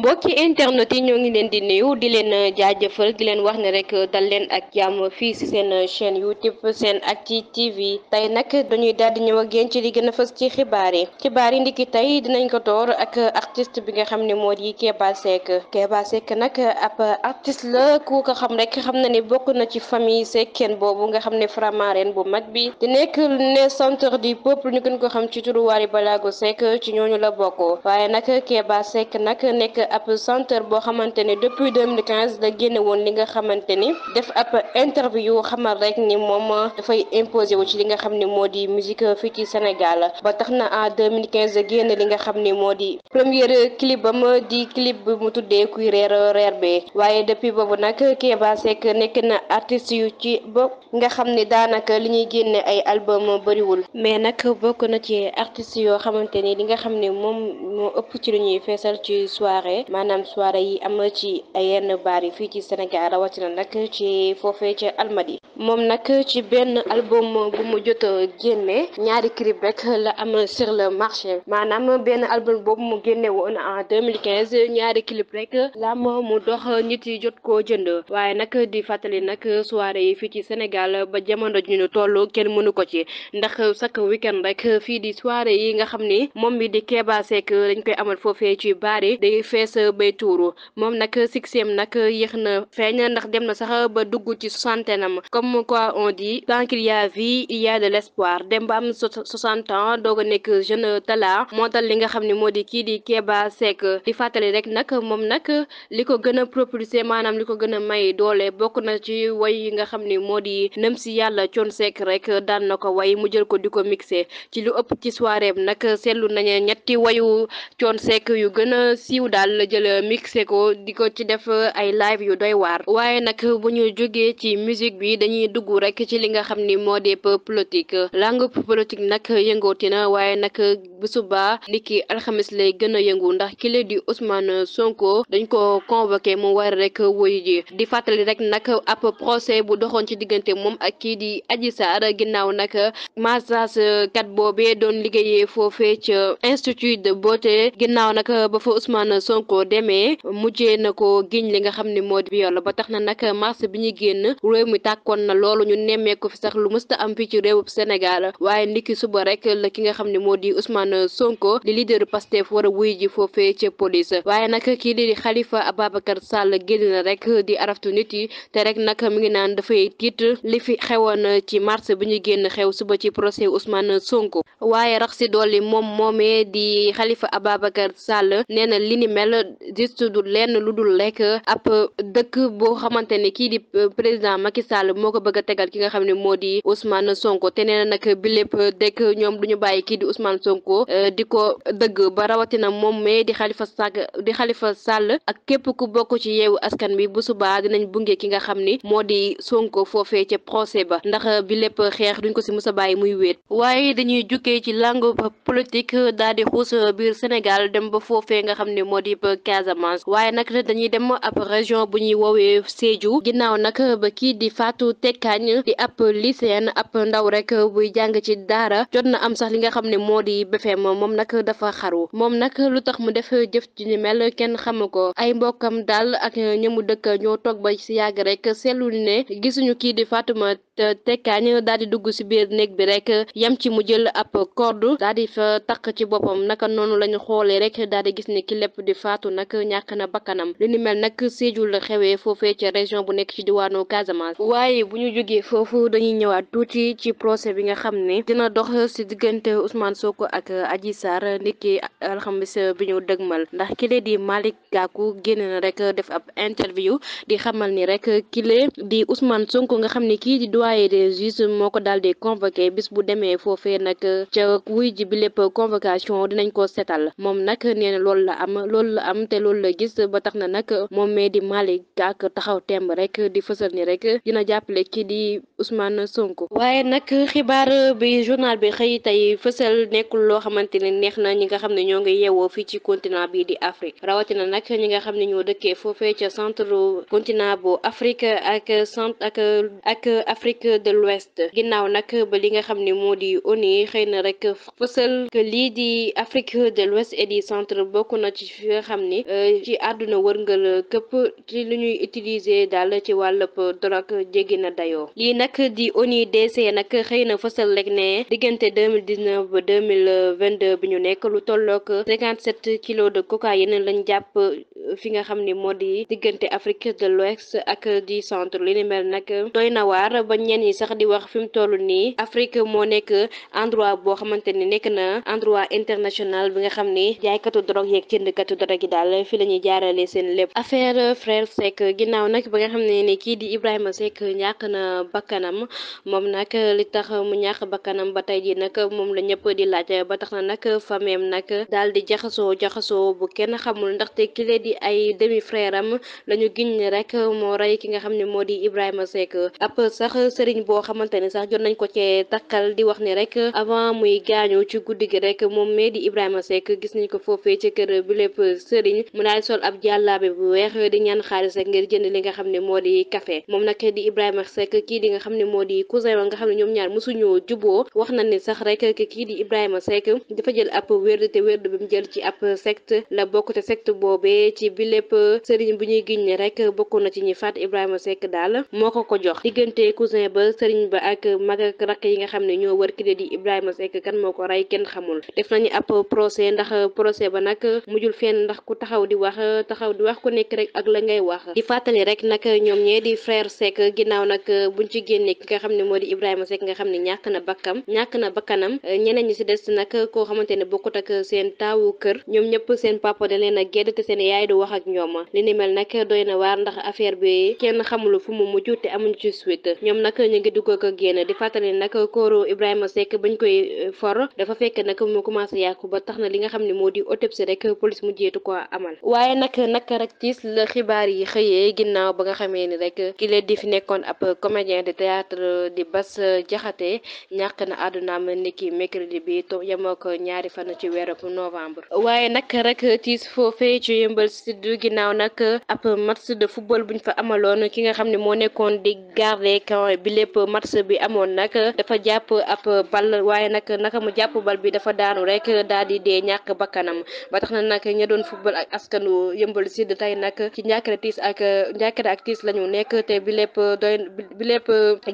mbokki internet yi ñoo ngi leen di nuyu di leen euh, jaajëfal di leen wax ne rek euh, dal leen ak jàmm fii si seen euh, chaîne youtube seen ak acti tv tey nag dañuy daal di ñëw ak yéen ci li gën ci xibaar yi xibaar yi ndiki tey dinañ ko door ak artiste bi nga xam ne moo di Keba Seck Keba Seck nag ab artiste la ku ko xam rek xam na ne bokk na ci famille Seckeen boobu nga xam ne Faramareen bu mag bi di nekk ne centre di peuple ñu gën ko xam ci turu Wally Ballago Seck ci ñooñu la bokk waaye nag Keba Seck nag nekk ab centre boo xamante ne depuis 2015 la génne woon li nga xamante ni def ab interview xamal rek ni moom dafay imposé wu ci li nga xam ne moo di musique fii ci Sénégal ba tax na en 2015 génne li nga xam ne moo di premier clip ma di clip bi mu tuddee kuy reer reer bi waaye depuis boobu nag Keba Seck nekk na artiste yu ci ba nga xam ni daanaka li ñuy génne ay album bëriwul mais nag bokk na ci artiste yoo xamante ni li nga xam ne moom moo ëpp ci lu ñuy feesal ci soirée. ne maanaam soirée yi am ci yenn baar fii ci Sénégal rawatina nag ci foofee ci Almadi moom nag ci benn album bu mu jot génne ñaari clip rek la am sur le marché maanaam benn album boobu mu génne woon en 2015 ñaari clip rek la am mu dox nit yi jot koo jënd waaye nag di fàttali nag soirée yi fii ci Sénégal ba jamono ji ñu toll kenn mënu ko ci ndax chaque weekend rek fii di soirée yi nga xam ni moom bi di Keba Seck dañ koy amal foofee ci baar yi day fees bay tuuru moom nag sixième nag yéex na feeñ ndax dem na sax ba dugg ci soixantaine am comme quoi on dit tant qu'il y a vie il y a de l'espoir dem soixante ans doog nekk jeune talent moo dal li nga xam ne moo di kii di Keba Seck di fàttali rek nag moom nag li ko gën a propulsé maanaam li ko gën a may doole bokk na ci way yi nga xam ne moo di nëm si yàlla coon Seck rek daan na ko way mu jël ko di ko mixé ci lu ëpp ci soirée bi nag seetlu nañu ñetti wayu coon Seck yu gën a siiw daal jël mixé ko di ko ci def ay live yu doy waar waaye nag bu ñu jógee dañuy dugg rek ci li nga xam ni moo di politique langue politique nag yëngooti na waaye nag bu subaa niki alxamis lay gën a yëngu ndax kile di Ousmane Sonko dañ ko convoqué mu war rek wuyu ji di fàttali rek nag ab procès bu doxoon ci diggante moom ak kii di Adji Sarr ginnaaw nag massage kat boobee doon liggéeyee foofe ca institut de beauté ginnaaw nag ba fa Ousmane Sonko demee mujjee na ko giñ li nga xam ni moo di viol ba tax na nag mars bi ñu génn taxoon na loolu ñu nemmeeku fi sax lu mësta am fii ci réewub Sénégal waaye ndiki suba rek la ki nga xam ne moo di Ousmane Sonko di leader Pastef war a wuy ji foofee ca police waaye nag kii di Khalifa Ababacar Sall génn na rek di araftu nit yi te rek nag mi ngi naan dafay tiit li fi xewoon ci mars bi ñu génn xew suba ci procès Ousmane Sonko waaye rax si dolli moom moomee di Khalifa Ababacar Sall nee na li ni mel juste du lenn lu dul lekk ab dëkk boo xamante moo ko bëgg a tegal ki nga xam ne moo di Ousmane Sonko te nee na nag bi lépp dekk ñoom duñu bàyyi kii di Ousmane Sonko euh, di ko dëgg ba rawatina moom mais di Khalifa Sall di Khalifa Sall ak képp ku bokk ci yeewu askan bi bu subaa dinañ bunge ki nga xam ni moo di Sonko foofee ca procès ba ndax bi lépp xeex duñ ko si mës a bàyyi muy wéet waaye dañuy jukkee ci langue politique daal di xuus biir Sénégal dem ba foofee nga xam ne moo di Casamance waaye nag dañuy dem Tekkañ di ab lycéenne app ndaw rek buy jàng ci daara jot na am sax li nga xam ne moo di BFEM moom nag dafa xaru moom nag lu tax mu def jëf ji ni mel kenn xamu ko ay mbokkam daal ak ñëmu dëkk ñoo toog ba si yàgg rek seetlu ne gisuñu kii di Fatouma tekkaañ daal di dugg si biir néeg bi rek yam ci mu jël ab corde daal di fa takk ci boppam naka noonu lañu xoolee rek daal di gis ne ki lépp di faatu nag ñàkk na bakkanam li ni mel nag séejul xewee foofee ci région bu nekk ci diwaanu Casamance bu ñu jógee foofu dañuy ñëwaat tuuti ci procès bi nga xam ne dina dox si diggante Ousmane Sonko ak Adji Sarr ndikki alxamis bi ñu mal ndax kile di Malick Gakou génne na rek def ab interview di xamal ni rek kile di Ousmane Sonko nga xam ne kii di doyen des juges moo ko daal di convoqué bis bu demee foofee nag ca wuy ji bi lépp convocation dinañ ko setal moom nag nee na loolu la am loolu la am te loolu la gis ba tax na nag moom mee di Malick Gakou taxaw temb rek di fësal jàppale kii di Ousmane Sonko. waaye nag xibaar bi journal bi xëy tey fësal nekkul loo xamante ne neex na ñi nga xam ne ñoo ngi yeewoo fii ci continent bii di Afrique rawatina nag ñi nga xam ne ñoo dëkkee foofee ca centre continent bu Afrique ak centre ak ak Afrique de l'Ouest ginnaaw nag ba li nga xam ni moo di ONU xëy na rek fësal que lii di Afrique de l'Ouest et du centre bokk na ci fi nga xam ni euh, ci àdduna wërngal këpp ci lu ñuy utiliser daal ci wàllub drogue jéggi na na dayoo lii nag di ONUDC nag xëy na fësal rek ne diggante ba bi ñu nekk lu tollook cinquante sept kilos de cocaïne jàpp euh, fi nga xam ni moo di diggante Afrique de l'Ouest ak di centre li ni mel nag doy na waar ba ñenn yi sax di wax fi mu toll nii Afrique moo nekk endroit boo xamante ni nekk na endroit international bi nga xam ni jaaykatu drogue yeeg jëndkatu drogue yi daal fi la ñuy jaarale seen lépp affaire frère Seck ginnaaw nag ba nga xam ne ni kii di Ibrahima ñàkk na bakkanam moom nag li tax mu ñàkk bakkanam ba tey ji nag moom la ñëpp di laaj ba tax na nag fameem nag daal di jaxasoo jaxasoo bu kenn xamul ndaxte kile di ay demi frère am la ñu giñ rek moo rey ki nga xam ne moo di Ibrahima Seck ab sax sëriñ boo xamante ni sax jot nañ ko cee takkal di wax ni rek avant muy gaañu ci guddi gi rek moom mee di Ibrahima Seck gis nañ ko foofee ci kër bu lépp sëriñ mu daal sol ab jàllaabe bu weex di ñaan xaalis rek ngir jënd li nga xam ne moo di café moom nag di Ibrahima parce que kii di nga xam ne moo di cousin wa nga xam ne ñoom ñaar mosuñoo juboo wax na ne sax rek que bi mu jël ci ab secte bu ñuy giñ ne rek bokk na ci ñi faat Ibrahima Seck daal moo ko ko jox diggante cousin ba sëriñ ba ak mag ak rakk yi nga xam ne ñoo wër kii di Ibrahima Seck kan moo ko rey kenn xamul def nañu ab procès ndax procès ba nag mujjul fenn ndax ku taxaw di wax taxaw di wax ku nekk ñee di frère Seck ginnaaw nag euh, buñ ci génnee ki nga xam ne moo di Ibrahima Seck nga xam ne ñàkk na bakkam ñàkk na bakkanam euh, ñeneen ñi si des nag euh, koo xamante ne bokkut ak seen taawu kër ñoom ñëpp seen papa da leen a gedd te seen yaay du wax ak ñoom na waar ndax affaire bi kenn xamul fu mu mujj te ñu koy for dafa fekk nag mu commencé yàqu ba tax na li nga xam ne moo di autopsie rek police mu ko amal waaye nag naka rek tiis la xibaar yi xëyee ginnaaw ba nga xamee ni rek ki di fi nekkoon ab ab comédien de théâtre di Bass Diakhaté ñàkk na àddunaam niki mercredi bi to yemoo ko ñaari fan ci weeru novembre waaye nag rek tiis foofee ci yëmbal sud ginnaaw nag ab match de football buñ fa amaloon ki nga xam ne moo nekkoon di garder camp bi lépp match bi amoon nag dafa jàpp ab bal waaye nag naka mu jàpp bal bi dafa daanu rek dal di dee ñàkk bakkanam ba tax na nag ña doon football ak askanu yëmbal sud tey nag ci ñàkkare tiis ak ñàkkare bi lépp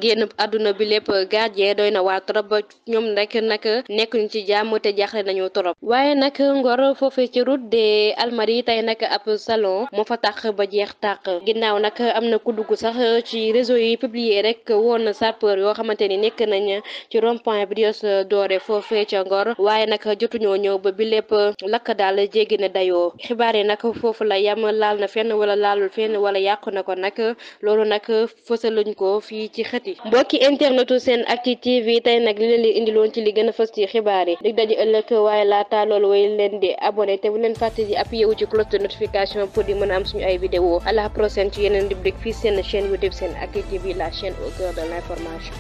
génn àdduna bi lépp gardien doy na waa trop ñoom rek nag nekkuñu ci jàmm te jaaxle nañu trop waaye nag ngor foofee ci route des Almadies tey nag ab salon moo fa tax ba jeex tàq ginnaaw nag am na ku dugg sax ci réseau yi publier rek woon sapeur yoo xamante ni nekk nañ ci rond point Brioche Dorée foofee ca ngor waaye nag jotuñoo ñëw ba bi lépp lakk daal jéggi na dayoo xibaar yi nag foofu la yam laal na fenn wala laalul fenn lañ ko fii ci xët yi mbokki internetu seen acti tv tey nag li leen li indiloon ci li gën a fës ci xibaar yi dig daje ëllëg waaye laata loolu way leen di abonné te bu leen fàtte di appuyé wu ci cloche de notification pour di mën a am suñu ay vidéo à la prochaine ci yeneen rubrique fii seen chaîne youtube seen acti tv la chaîne au cœur de l'information